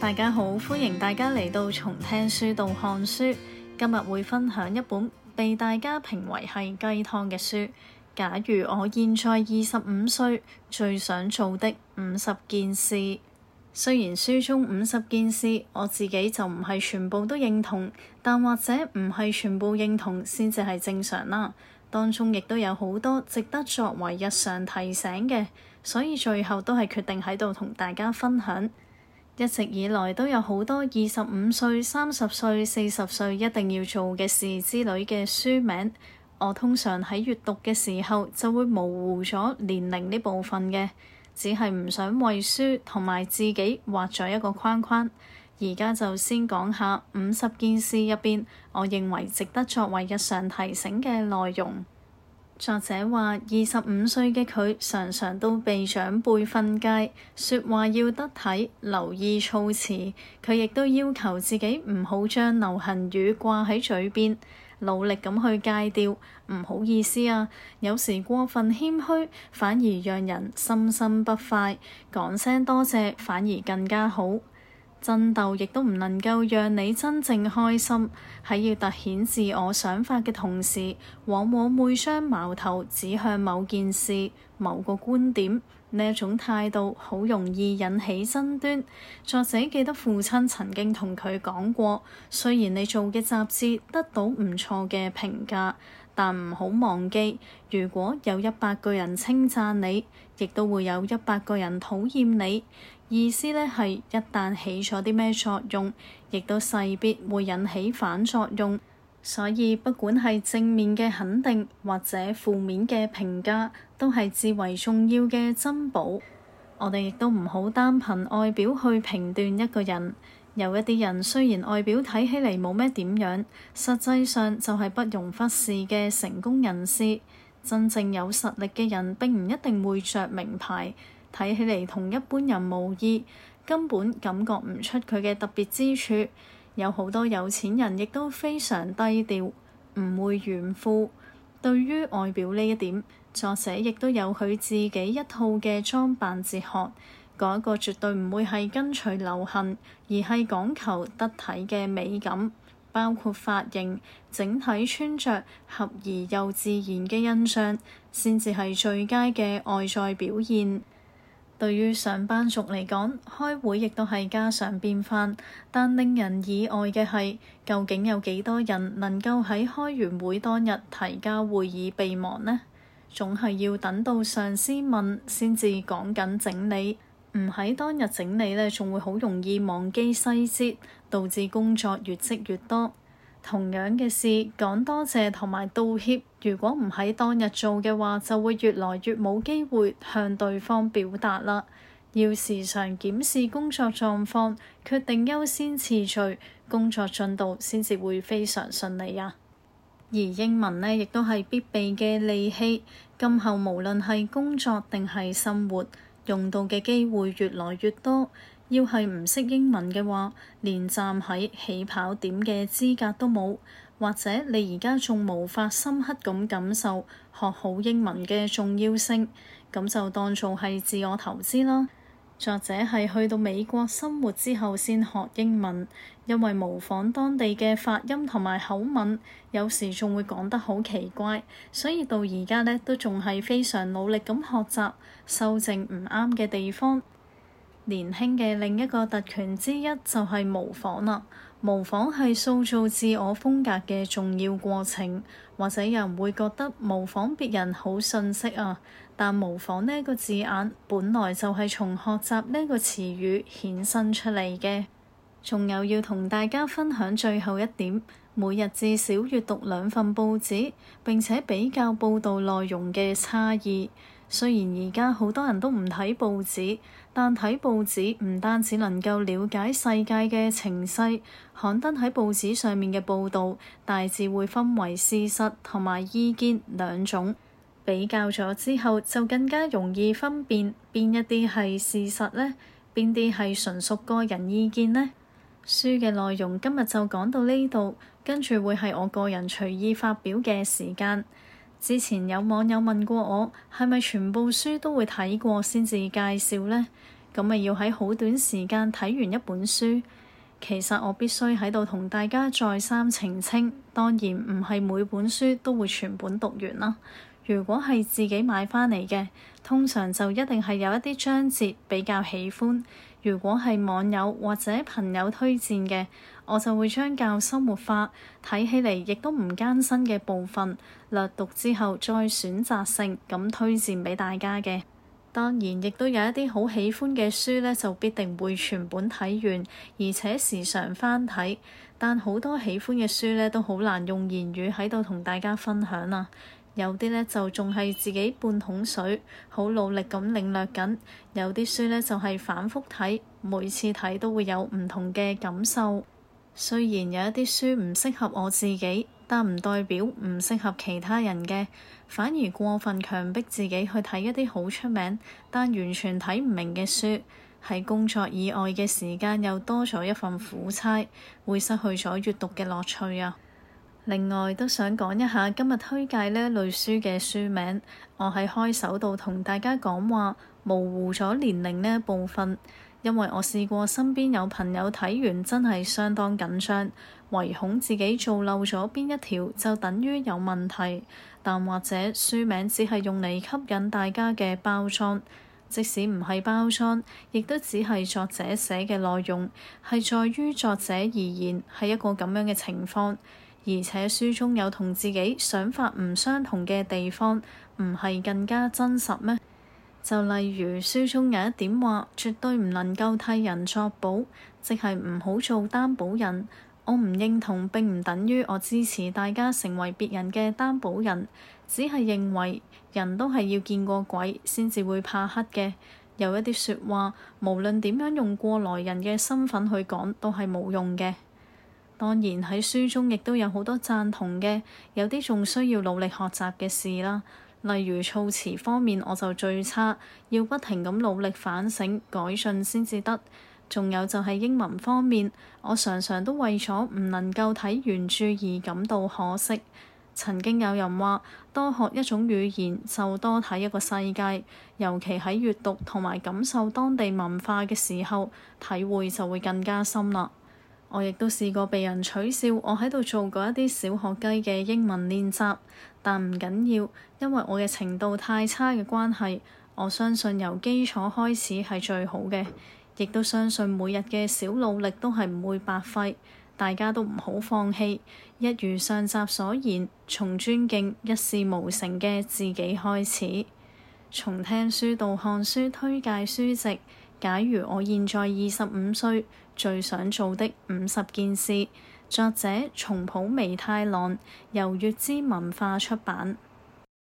大家好，歡迎大家嚟到從聽書到看書。今日會分享一本被大家評為係雞湯嘅書。假如我現在二十五歲，最想做的五十件事。雖然書中五十件事我自己就唔係全部都認同，但或者唔係全部認同先至係正常啦。當中亦都有好多值得作為日常提醒嘅，所以最後都係決定喺度同大家分享。一直以來都有好多二十五歲、三十歲、四十歲一定要做嘅事之類嘅書名，我通常喺閲讀嘅時候就會模糊咗年齡呢部分嘅，只係唔想為書同埋自己畫咗一個框框。而家就先講下五十件事入邊，我認為值得作為日常提醒嘅內容。作者話：二十五歲嘅佢，常常都被長輩訓誡，說話要得體，留意措辭。佢亦都要求自己唔好將流行語掛喺嘴邊，努力咁去戒掉。唔好意思啊，有時過分謙虛反而讓人心生不快，講聲多謝反而更加好。爭鬥亦都唔能夠讓你真正開心，喺要凸顯自我想法嘅同時，往往會將矛頭指向某件事、某個觀點。呢一種態度好容易引起爭端。作者記得父親曾經同佢講過，雖然你做嘅雜誌得到唔錯嘅評價。但唔好忘記，如果有一百個人稱讚你，亦都會有一百個人討厭你。意思呢係，一旦起咗啲咩作用，亦都勢必會引起反作用。所以，不管係正面嘅肯定或者負面嘅評價，都係至為重要嘅珍寶。我哋亦都唔好單憑外表去評斷一個人。有一啲人雖然外表睇起嚟冇咩點樣，實際上就係不容忽視嘅成功人士。真正有實力嘅人並唔一定會着名牌，睇起嚟同一般人無異，根本感覺唔出佢嘅特別之處。有好多有錢人亦都非常低調，唔會炫富。對於外表呢一點，作者亦都有佢自己一套嘅裝扮哲學。嗰個絕對唔會係跟隨流行，而係講求得體嘅美感，包括髮型、整體穿着、合宜又自然嘅印象，先至係最佳嘅外在表現。對於上班族嚟講，開會亦都係家常便飯，但令人意外嘅係，究竟有幾多人能夠喺開完會當日提交會議備忘呢？總係要等到上司問先至趕緊整理。唔喺當日整理呢，仲會好容易忘記細節，導致工作越積越多。同樣嘅事，講多謝同埋道歉，如果唔喺當日做嘅話，就會越來越冇機會向對方表達啦。要時常檢視工作狀況，決定優先次序，工作進度先至會非常順利啊。而英文呢，亦都係必備嘅利器。今後無論係工作定係生活，用到嘅機會越來越多，要係唔識英文嘅話，連站喺起跑點嘅資格都冇，或者你而家仲無法深刻咁感受學好英文嘅重要性，咁就當做係自我投資啦。作者係去到美國生活之後先學英文，因為模仿當地嘅發音同埋口吻，有時仲會講得好奇怪，所以到而家呢都仲係非常努力咁學習，修正唔啱嘅地方。年輕嘅另一個特權之一就係模仿啦。模仿係塑造自我風格嘅重要過程，或者有人會覺得模仿別人好遜色啊。但模仿呢一個字眼，本來就係從學習呢一個詞語衍生出嚟嘅。仲有要同大家分享最後一點，每日至少閱讀兩份報紙，並且比較報道內容嘅差異。雖然而家好多人都唔睇報紙，但睇報紙唔單止能夠了解世界嘅情勢。刊登喺報紙上面嘅報導，大致會分為事實同埋意見兩種。比較咗之後，就更加容易分辨邊一啲係事實呢，邊啲係純屬個人意見呢。書嘅內容今日就講到呢度，跟住會係我個人隨意發表嘅時間。之前有網友問過我係咪全部書都會睇過先至介紹呢？咁咪要喺好短時間睇完一本書。其實我必須喺度同大家再三澄清，當然唔係每本書都會全本讀完啦。如果係自己買返嚟嘅，通常就一定係有一啲章節比較喜歡。如果係網友或者朋友推薦嘅，我就會將較生活化、睇起嚟亦都唔艱辛嘅部分略讀之後，再選擇性咁推薦俾大家嘅。當然，亦都有一啲好喜歡嘅書呢，就必定會全本睇完，而且時常翻睇。但好多喜歡嘅書呢，都好難用言語喺度同大家分享啦、啊。有啲咧就仲係自己半桶水，好努力咁領略緊；有啲書咧就係、是、反覆睇，每次睇都會有唔同嘅感受。雖然有一啲書唔適合我自己，但唔代表唔適合其他人嘅。反而過分強迫自己去睇一啲好出名但完全睇唔明嘅書，喺工作以外嘅時間又多咗一份苦差，會失去咗閱讀嘅樂趣啊！另外都想講一下今日推介呢類書嘅書名。我喺開首度同大家講話模糊咗年齡呢部分，因為我試過身邊有朋友睇完真係相當緊張，唯恐自己做漏咗邊一條就等於有問題。但或者書名只係用嚟吸引大家嘅包裝，即使唔係包裝，亦都只係作者寫嘅內容，係在於作者而言係一個咁樣嘅情況。而且書中有同自己想法唔相同嘅地方，唔係更加真實咩？就例如書中有一點話，絕對唔能夠替人作保，即係唔好做擔保人。我唔認同並唔等於我支持大家成為別人嘅擔保人，只係認為人都係要見過鬼先至會怕黑嘅。有一啲説話，無論點樣用過來人嘅身份去講，都係冇用嘅。當然，喺書中亦都有好多贊同嘅，有啲仲需要努力學習嘅事啦。例如措詞方面，我就最差，要不停咁努力反省改進先至得。仲有就係英文方面，我常常都為咗唔能夠睇原著而感到可惜。曾經有人話：多學一種語言就多睇一個世界，尤其喺閱讀同埋感受當地文化嘅時候，體會就會更加深啦。我亦都試過被人取笑，我喺度做過一啲小學雞嘅英文練習，但唔緊要，因為我嘅程度太差嘅關係，我相信由基礎開始係最好嘅，亦都相信每日嘅小努力都係唔會白費，大家都唔好放棄。一如上集所言，從尊敬一事無成嘅自己開始，從聽書到看書，推介書籍。假如我現在二十五歲最想做的五十件事。作者：松浦彌太郎，由粵之文化出版。